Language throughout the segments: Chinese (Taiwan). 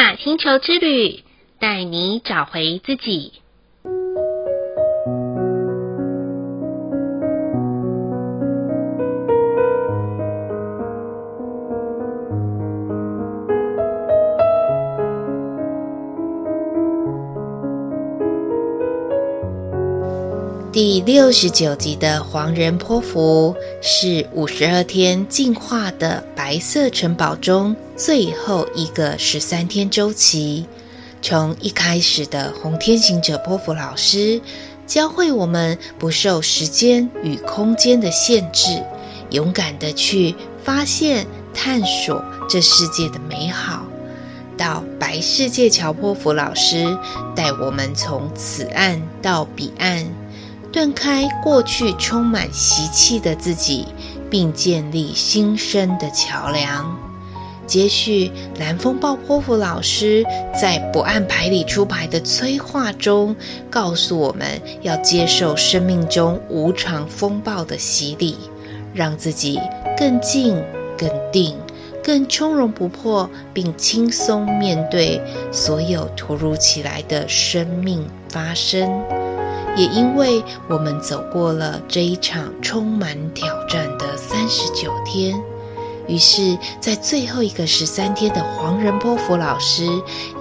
《馬雅星球之旅》帶你找回自己。第六十九集的黃人波符是五十二天淨化的白色城堡中，最後一個十三天週期，從一開始的紅天行者波符老師教會我們不受時間與空間的限制，勇敢的去發現、探索這世界的美好，到白世界橋波符老師帶我們從此岸到彼岸，斷開過去充滿習氣的自己，並建立新生的橋樑。接續藍風暴波符老師在不按牌理出牌的催化中，告訴我們要接受生命中無常風暴的洗禮，讓自己更靜、更定、更從容不迫，並輕鬆面對所有突如其來的生命發生。也因為我們走過了這一場充滿挑戰的三十九天。於是，在最後一個十三天的黃人波符老師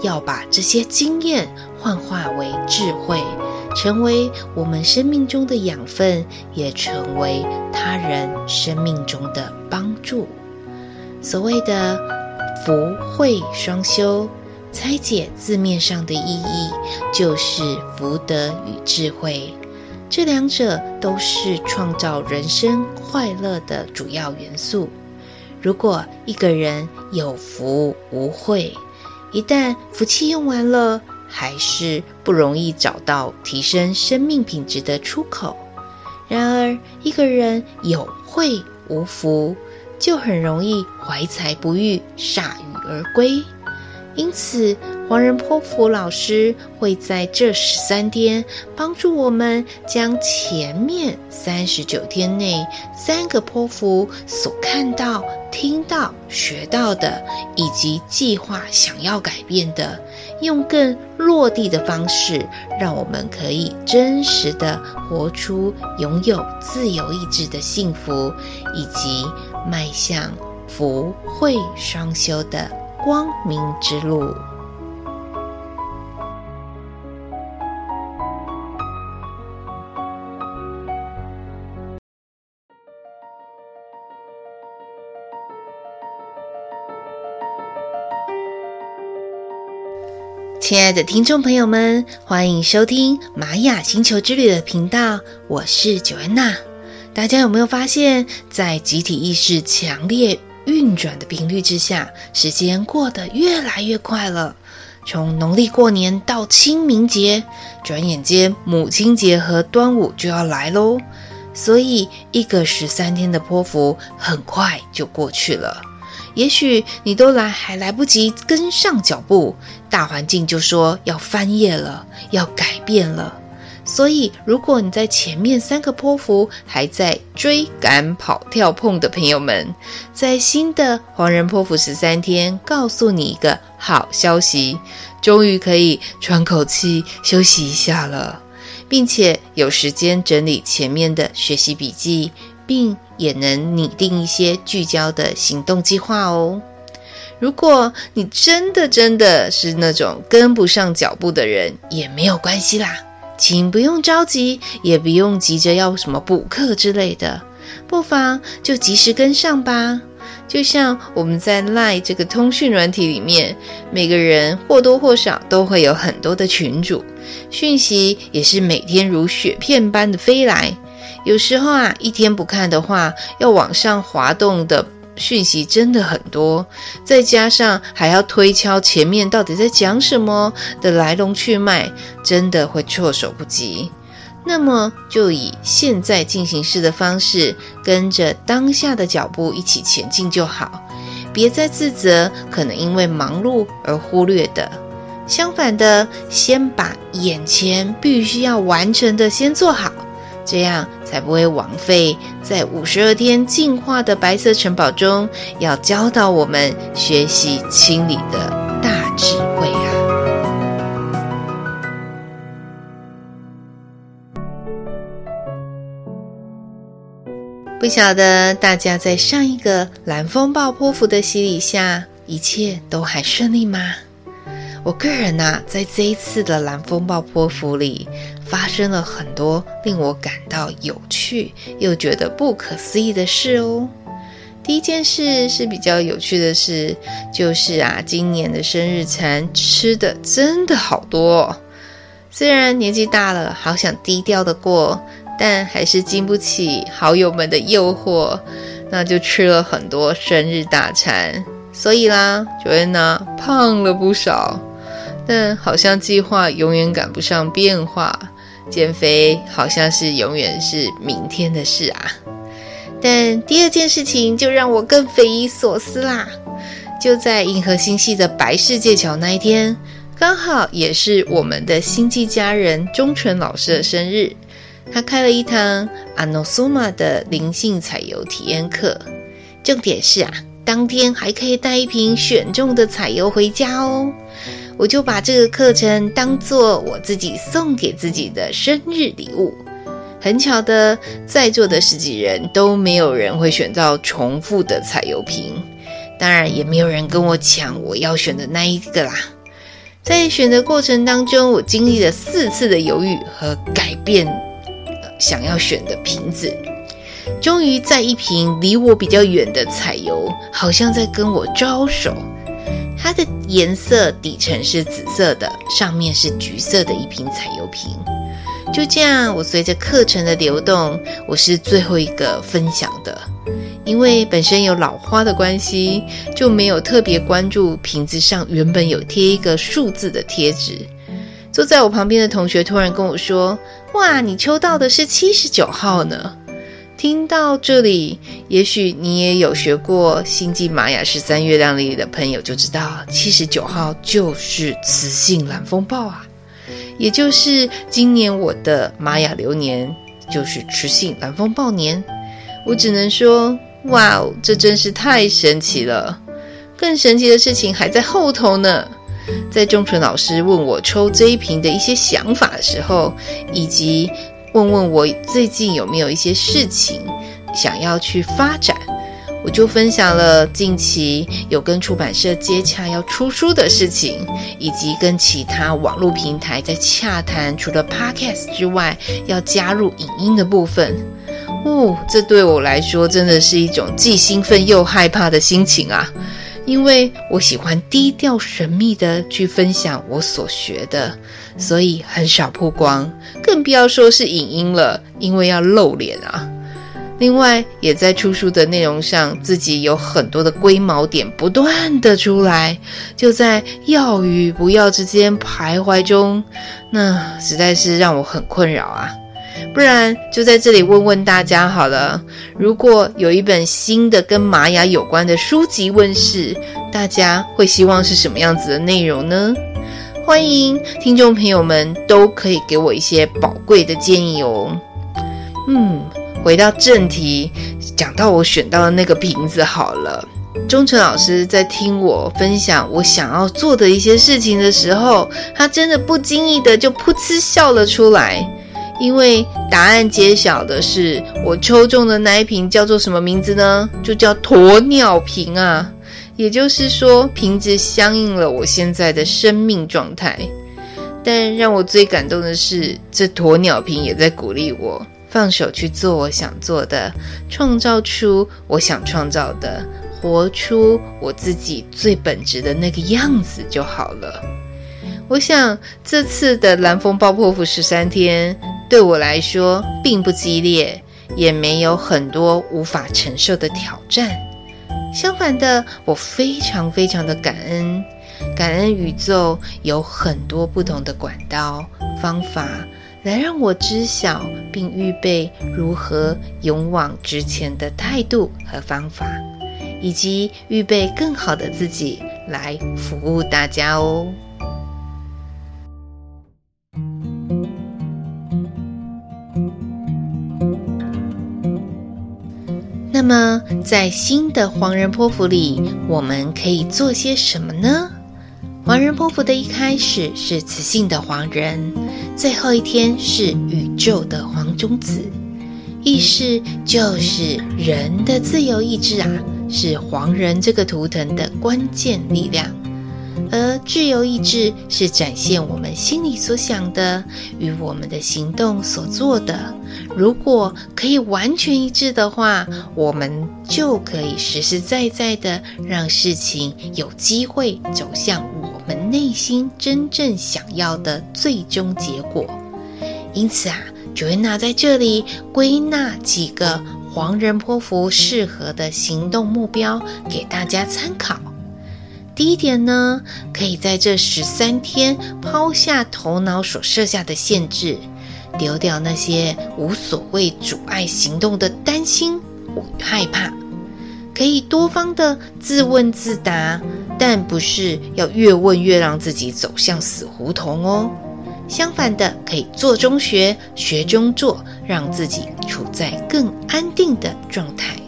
要把這些經驗幻化為智慧，成為我們生命中的養分，也成為他人生命中的幫助。所謂的福慧雙修，拆解字面上的意義，就是福德與智慧，這兩者都是創造人生快樂的主要元素。如果一個人有福無慧，一旦福氣用完了，還是不容易找到提升生命品質的出口。然而，一個人有慧無福，就很容易懷才不遇，鎩羽而歸。因此，黃人波符老師會在這十三天幫助我們，將前面三十九天內三個波符所看到、聽到、學到的，以及計劃想要改變的，用更落地的方式，讓我們可以真實的活出擁有自由意志的幸福，以及邁向福慧雙修的光明之路。親愛的聽眾朋友們，歡迎收聽《瑪雅星球之旅》的頻道，我是 Joanna，大家有沒有發現，在集體意識強烈運轉的頻率之下，時間過得越來越快了？從農曆過年到清明節，轉眼間母親節和端午就要來嘍。所以，一個十三天的波符很快就過去了。也許你都來還來不及跟上腳步，大環境就說要翻頁了，要改變了。所以，如果你在前面三個波符還在追趕、跑、跳、碰的朋友們，在新的黃人波符十三天，告訴你一個好消息：終於可以喘口氣休息一下了，並且有時間整理前面的學習筆記，並。也能擬定一些聚焦的行動計劃哦。如果你真的真的是那種跟不上腳步的人，也沒有關係啦，請不用着急，也不用急着要什麼補課之類的，不妨就及時跟上吧。就像我們在 Line 這個通訊軟體裡面，每個人或多或少都會有很多的群組，訊息也是每天如雪片般的飛來。有時候啊，一天不看的話，要往上滑動的訊息真的很多，再加上還要推敲前面到底在講什麼的來龍去脈，真的會措手不及。那麼就以現在進行式的方式，跟着當下的腳步一起前進就好，別再自責，可能因為忙碌而忽略的。相反的，先把眼前必須要完成的先做好，這樣。才不會枉費在五十二天淨化的白色城堡中要教導我們學習清理的大智慧啊！不曉得大家在上一個藍風暴波符的洗禮下，一切都還順利嗎？我個人呢、啊，在這一次的藍風暴波符裡。發生了很多令我感到有趣又覺得不可思議的事哦。第一件事是比較有趣的事，就是啊，今年的生日餐吃的真的好多。雖然年紀大了，好想低調的過，但還是經不起好友們的誘惑，那就吃了很多生日大餐。所以啦，Joanna 胖了不少，但好像計劃永遠趕不上變化。減肥好像是永遠是明天的事啊，但第二件事情就讓我更匪夷所思啦！就在銀河星系的白世界橋那一天，剛好也是我們的星際家人鍾純老師的生日，他開了一堂阿諾蘇瑪的靈性彩油體驗課，重點是啊，當天還可以帶一瓶選中的彩油回家哦。我就把這個課程當做我自己送給自己的生日禮物。很巧的，在座的十幾人都沒有人會選到重複的彩油瓶，當然也沒有人跟我搶我要選的那一個啦。在選的過程當中，我經歷了四次的猶豫和改變，想要選的瓶子，終於在一瓶離我比較遠的彩油，好像在跟我招手，它的。顏色底層是紫色的，上面是橘色的一瓶彩油瓶。就這樣，我隨着課程的流動，我是最後一個分享的，因為本身有老花的關係，就沒有特別關注瓶子上原本有貼一個數字的貼紙。坐在我旁邊的同學突然跟我說：“哇，你抽到的是七十九號呢。”聽到這裡，也許你也有學過星際瑪雅十三月亮曆的朋友，就知道七十九號就是磁性藍風暴啊，也就是今年我的瑪雅流年就是磁性藍風暴年。我只能說，哇哦，這真是太神奇了！更神奇的事情還在後頭呢。在鍾純老師問我抽這一瓶的一些想法的時候，以及。問問我最近有沒有一些事情想要去發展，我就分享了近期有跟出版社接洽要出書的事情，以及跟其他網絡平台在洽談，除了 Podcast 之外，要加入影音的部分。哦，這對我來說真的是一種既興奮又害怕的心情啊！因為我喜歡低調神秘的去分享我所學的，所以很少曝光，更不要說是影音了。因為要露臉啊。另外，也在出書的內容上，自己有很多的龜毛點不斷的出來，就在要與不要之間徘徊中，那實在是讓我很困擾啊。不然就在這裡問問大家好了。如果有一本新的跟瑪雅有關的書籍問世，大家會希望是什麼樣子的內容呢？歡迎聽眾朋友們都可以給我一些寶貴的建議哦。嗯，回到正題，講到我選到的那個瓶子好了。忠晨老師在聽我分享我想要做的一些事情的時候，他真的不經意的就噗嗤笑了出來。因為答案揭曉的是我抽中的那一瓶叫做什麼名字呢？就叫鴕鳥瓶啊！也就是說，瓶子相應了我現在的生命狀態。但讓我最感動的是，這鴕鳥瓶也在鼓勵我放手去做我想做的，創造出我想創造的，活出我自己最本質的那個樣子就好了。我想這次的藍風暴波符十三天。對我來說，並不激烈，也沒有很多無法承受的挑戰。相反的，我非常非常的感恩，感恩宇宙有很多不同的管道、方法，來讓我知曉並預備如何勇往直前的態度和方法，以及預備更好的自己來服務大家哦。那麼，在新的黃人波符裡，我們可以做些什麼呢？黃人波符的一開始是磁性的黃人，最後一天是宇宙的黃種子，意識就是人的自由意志啊，是黃人這個圖騰的關鍵力量。而自由意志是展現我們心裡所想的，與我們的行動所做的。如果可以完全一致的話，我們就可以實實在在的讓事情有機會走向我們內心真正想要的最終結果。因此啊，Joanna 在這裡歸納幾個黃人波符適合的行動目標給大家參考。第一點呢，可以在這十三天拋下頭腦所設下的限制，丟掉那些無所謂阻礙行動的擔心與害怕，可以多方的自問自答，但不是要越問越讓自己走向死胡同哦。相反的，可以做中學，學中做，讓自己處在更安定的狀態。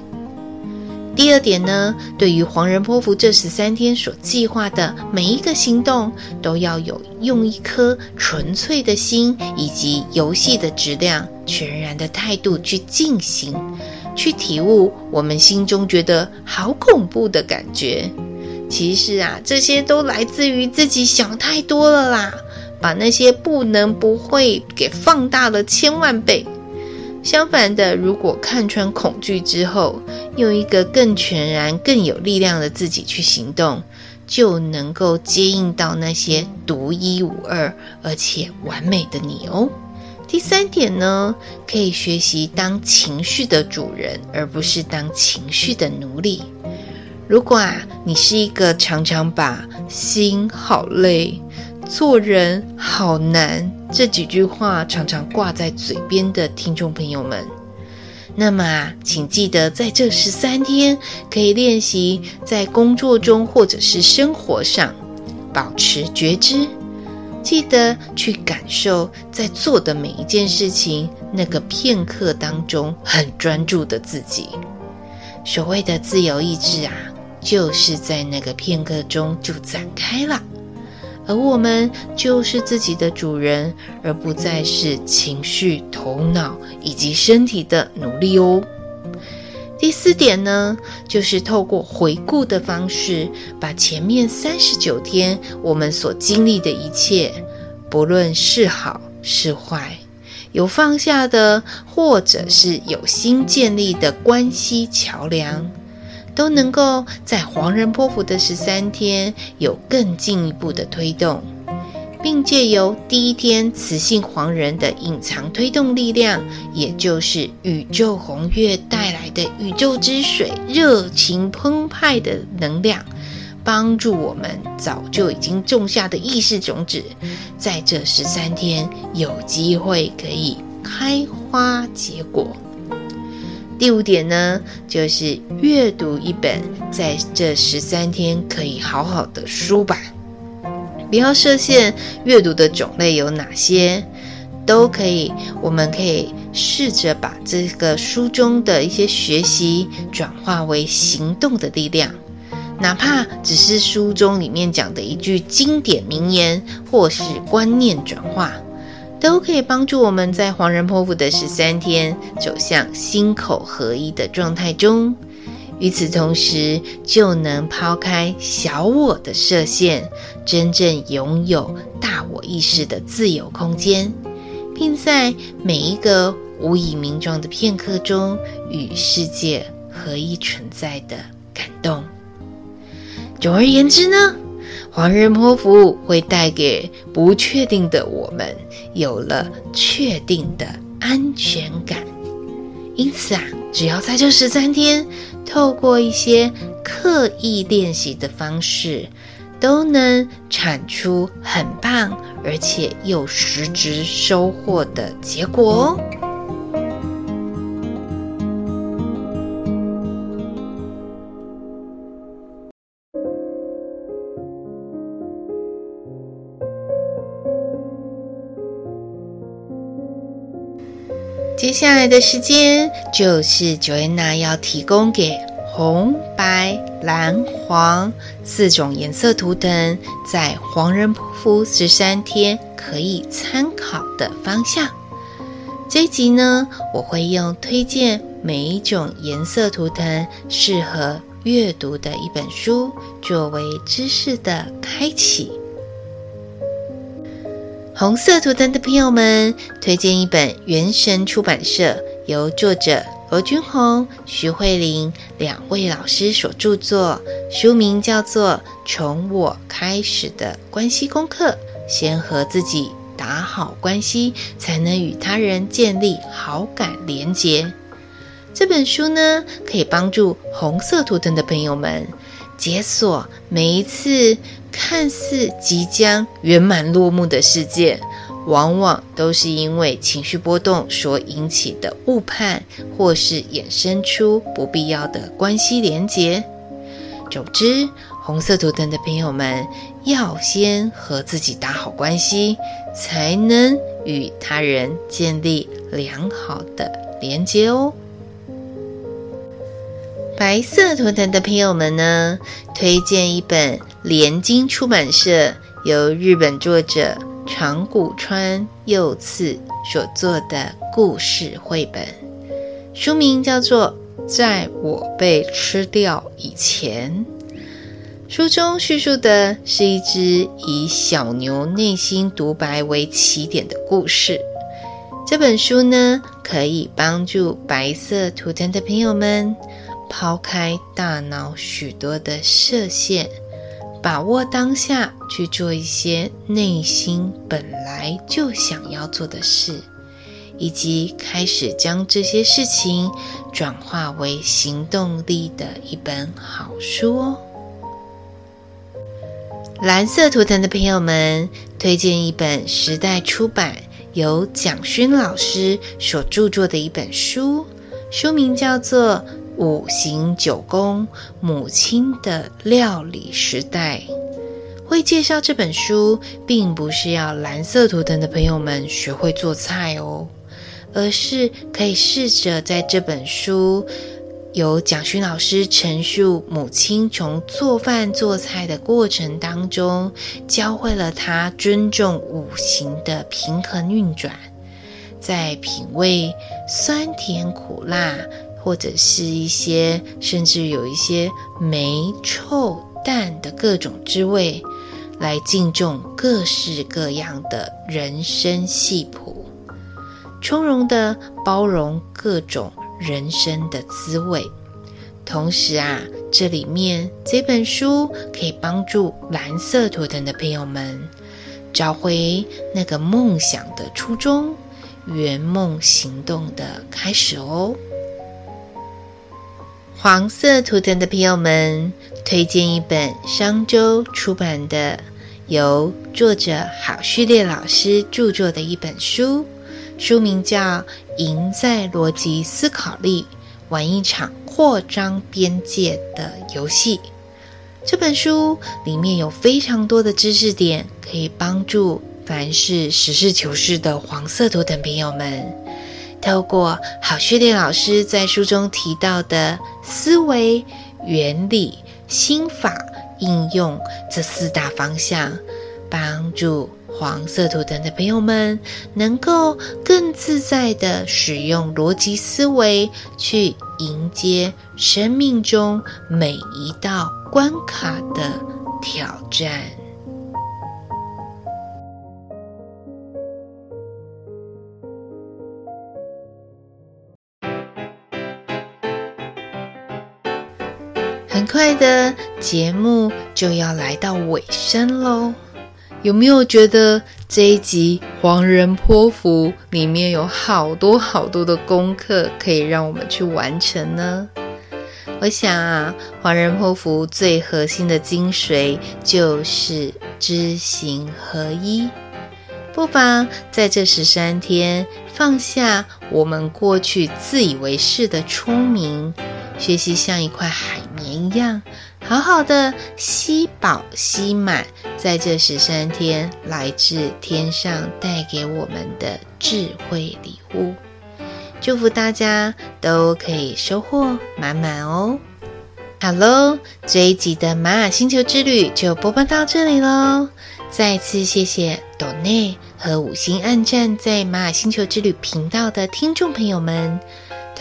第二點呢，對於黃人波符這十三天所計劃的每一個行動，都要有用一顆純粹的心，以及遊戲的質量、全然的態度去進行，去體悟我們心中覺得好恐怖的感覺。其實啊，這些都來自於自己想太多了啦，把那些不能不會給放大了千萬倍。相反的，如果看穿恐懼之後，用一個更全然、更有力量的自己去行動，就能夠接應到那些獨一無二而且完美的你哦。第三點呢，可以學習當情緒的主人，而不是當情緒的奴隸。如果啊，你是一個常常把心好累、做人好難，這幾句話常常掛在嘴邊的聽眾朋友們，那麼啊，請記得在這十三天可以練習在工作中或者是生活上保持覺知，記得去感受在做的每一件事情，那個片刻當中很專注的自己。所謂的自由意志啊，就是在那個片刻中就展開了。而我們就是自己的主人，而不再是情緒、頭腦以及身體的奴隸哦。第四點呢，就是透過回顧的方式，把前面三十九天我們所經歷的一切，不論是好是壞，有放下的，或者是有新建立的關係橋梁。都能夠在黃人波符的十三天有更進一步的推動，並借由第一天磁性黃人的隱藏推動力量，也就是宇宙紅月帶來的宇宙之水熱情澎湃的能量，幫助我們早就已經種下的意識種子，在這十三天有機會可以開花結果。第五點呢，就是閱讀一本在這十三天可以好好的書吧。不要設限，閱讀的種類有哪些都可以。我們可以試着把這個書中的一些學習轉化為行動的力量，哪怕只是書中裡面講的一句經典名言，或是觀念轉化。都可以幫助我們在黃人波符的十三天走向心口合一的狀態中，與此同時，就能拋開小我的設限，真正擁有大我意識的自由空間，並在每一個無以名狀的片刻中，與世界合一存在的感動。總而言之呢，黃人波符會帶給不確定的我們，有了確定的安全感。因此啊，只要在這十三天，透過一些刻意練習的方式，都能產出很棒而且又實質收穫的結果哦。接下來的時間就是 Joanna 要提供給紅、白、藍、黃四種顏色圖騰，在黃人波符十三天可以參考的方向。這一集呢，我會用推薦每一種顏色圖騰適合閱讀的一本書作為知識的開啟。紅色圖騰的朋友們，推薦一本元神出版社由作者羅君宏、徐慧玲兩位老師所著作，書名叫做《從我開始的關係功課》，先和自己打好關係，才能與他人建立好感連接。這本書呢，可以幫助紅色圖騰的朋友們。解鎖每一次看似即將圓滿落幕的事件，往往都是因為情緒波動所引起的誤判，或是衍生出不必要的關係連接。總之，紅色圖騰的朋友們要先和自己打好關係，才能與他人建立良好的連接哦。白色圖騰的朋友們呢，推薦一本聯經出版社由日本作者長谷川佑次所做的故事繪本，書名叫做《在我被吃掉以前》。書中敘述的是一隻以小牛內心獨白為起點的故事。這本書呢，可以幫助白色圖騰的朋友們。拋開大腦許多的設限，把握當下去做一些內心本來就想要做的事，以及開始將這些事情轉化為行動力的一本好書。藍色圖騰的朋友們，推薦一本時代出版由蔣勳老師所著作的一本書，書名叫做。五行九宮，母親的料理時代。會介紹這本書，並不是要藍色圖騰的朋友們學會做菜哦，而是可以試着在這本書，由蔣勳老師陳述母親從做飯做菜的過程當中，教會了他尊重五行的平衡運轉，在品味酸甜苦辣。或者是一些，甚至有一些霉、臭、淡的各種滋味，來敬重各式各樣的人生戲譜，從容的包容各種人生的滋味。同時啊，這裡面這本書可以幫助藍色圖騰的朋友們找回那個夢想的初衷，圓夢行動的開始哦。黃色圖騰的朋友們，推薦一本商周出版的、由作者郝旭烈老師著作的一本書，書名叫《贏在邏輯思考力：玩一場擴張邊界的遊戲》。這本書裡面有非常多的知識點，可以幫助凡是實事求是的黃色圖騰朋友們。透過郝旭烈老師在書中提到的思維、原理、心法、應用這四大方向，幫助黃色圖騰的朋友們能夠更自在地使用邏輯思維，去迎接生命中每一道關卡的挑戰。的節目就要來到尾聲嘍，有沒有覺得這一集黃人波符裡面有好多好多的功課可以讓我們去完成呢？我想啊，黃人波符最核心的精髓就是知行合一，不妨在這十三天放下我們過去自以為是的聰明，學習像一塊海。一樣好好的吸飽吸滿，在這十三天來自天上帶給我們的智慧禮物，祝福大家都可以收穫滿滿哦！好嘍，這一集的馬雅星球之旅就播報到這裡嘍。再次謝謝朵內和五星按讚在馬雅星球之旅頻道的聽眾朋友們。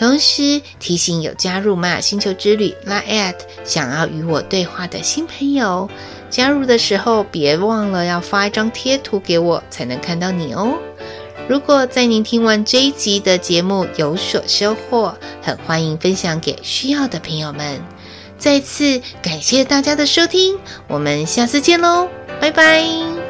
同時提醒有加入《馬雅星球之旅》LINE@ 想要與我對話的新朋友，加入的時候別忘了要發一張貼圖給我，才能看到你哦。如果在您聽完這一集的節目有所收穫，很歡迎分享給需要的朋友們。再次感謝大家的收聽，我們下次見嘍，拜拜。